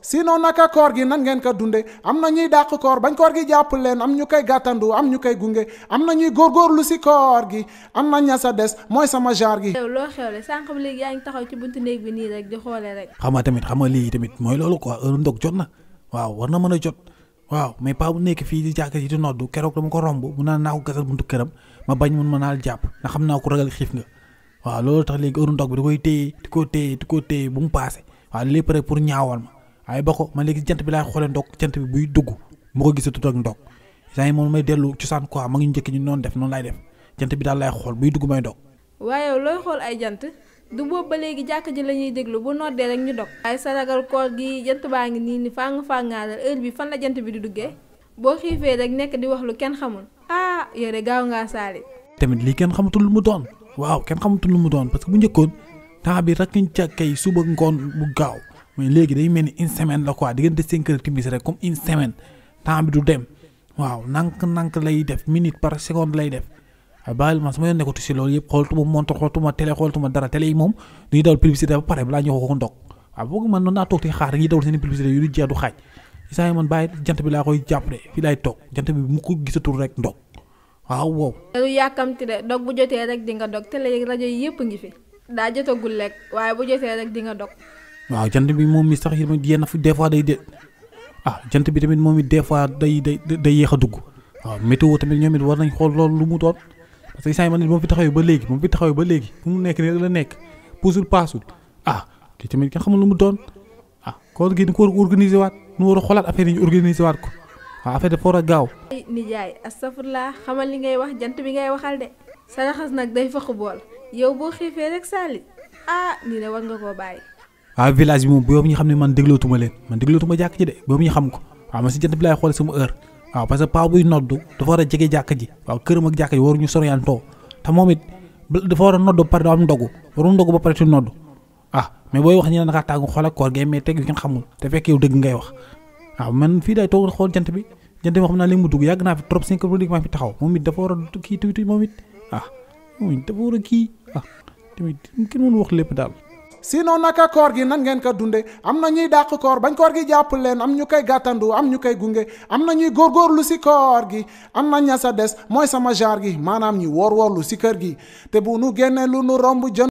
sinon naka koor gi nan ngeen ko dunde am na ñuy dàq koor bañ koor gi jàpp leen am ñu koy gàttandu am ñu koy gunge am na ñuy góor góorgóorlu si koor gi am na ña sa des mooy sama genre gi. loo xewle sànq léegi yaa ngi taxaw ci buntu di xoole rek. xam nga tamit nga lii tamit mooy loolu quoi heure ndog jot na waaw war na mën a jot waaw mais pas bu nekk fii di jàkk yi di noddu keroog dama ko romb mu naan naa ko gasal buntu këram ma bañ mun ma naal jàpp ndax xam naa ko ragal xiif nga waaw loolu tax léegi heure ndog bi da koy téye di ko téye mu paase waaw lépp pour ñaawal ma waaye ba ko man léegi jant bi laay xoolee ndog jant bi buy dugg mu ko gisatu ak ndog saa yi moom may dellu cosaan quoi ma ngi njëkk ñu noonu def noonu laay def bi daal laay xool buy dugg may ndog. waaye looy xool ay jant du boobu ba léegi jàkka ji la ñuy déglu bu noddee rek ñu dog. waaye sa ragal koor gi jant baa ngi nii ni fàng fàngaalal heure bi fan la jant bi di duggee boo xiifee rek nekk di wax lu kenn xamul ah yore gaaw ngaa saali. tamit lii kenn xamatul lu mu doon waaw kenn xamatul lu mu doon parce que bu njëkkoon temps bi rek ñu ca kay suba ngoon bu gaaw mais léegi day mel ni une semaine la quoi diggante cinq heures timis rek comme une semaine temps bi du dem waaw nank-nank lay def minute par seconde lay def waaye bàyyil ma sama yoon nekkatu si loolu yëpp xooltuma montre xooltuma télé xooltuma dara télé yi moom dañuy dawal publicité ba pare balaa ñu ko ko ndog waaw boog man noonu naa toog di xaar dañuy dawal seen publicité yu du jeex du xaaj saa yi man bàyyi jant bi laa koy jàpp de fii laay toog jant bi mu ko gisatul rek ndog waaw wow. lu yàkkamti de dog bu jotee rek di nga dog télé yi rajo yi yëpp ngi fi daa jotagul lekk waaye bu jotee rek di nga dog waaw jant bi moom mi sax yenn fu des day de ah jant bi tamit moom it des fois day day day a dugg waaw météo tamit ñoom it war nañ xool loolu lu mu doon parce que saa yu ma ne moom fi taxawee ba léegi moom fi taxawee ba léegi fu mu nekk nii la nekk puusul paasul ah te tamit nga xamul lu mu ni ah, a a a ngay wax jant bi ngay waxal de. sa raxas nag day faq bool yow boo xiifee rek saali ah nii ne war nga koo bàyyi. waaw village bi moom boobu ñu xam ne man déglootuma leen man déglootuma jàkk ji de boobu ñu xam ko waaw man si jant bi laay xool sama heure waaw parce que paa buy noddu dafa war a jege jàkk ji waaw këram ak jàkk ji waruñu soriantoo te moom it dafa war a noddu ba pare daa ba pare ci noddu ah, booy wax ñu ne naka tàggu xool ak koor gay mais teg yu ngeen xamul te fekk yow dëgg ngay wax bi jant bi xam naa yàgg naa fi trop cinq produit maa fi taxaw moom it a kii tuuti moom it ah moom it dafa war a kii ah tamit kenn mënu wax lépp daal sinon naka koor gi nan ngeen ko dunde am na ñuy dàq koor bañ koor gi jàpp leen am ñu koy gàttandu am ñu koy gunge am na ñuy góor góorgóorlu si koor gi am na ña sa des mooy sama genre gi maanaam ñi woor woorlu si kër gi te bu nu génnee lu nu romb jën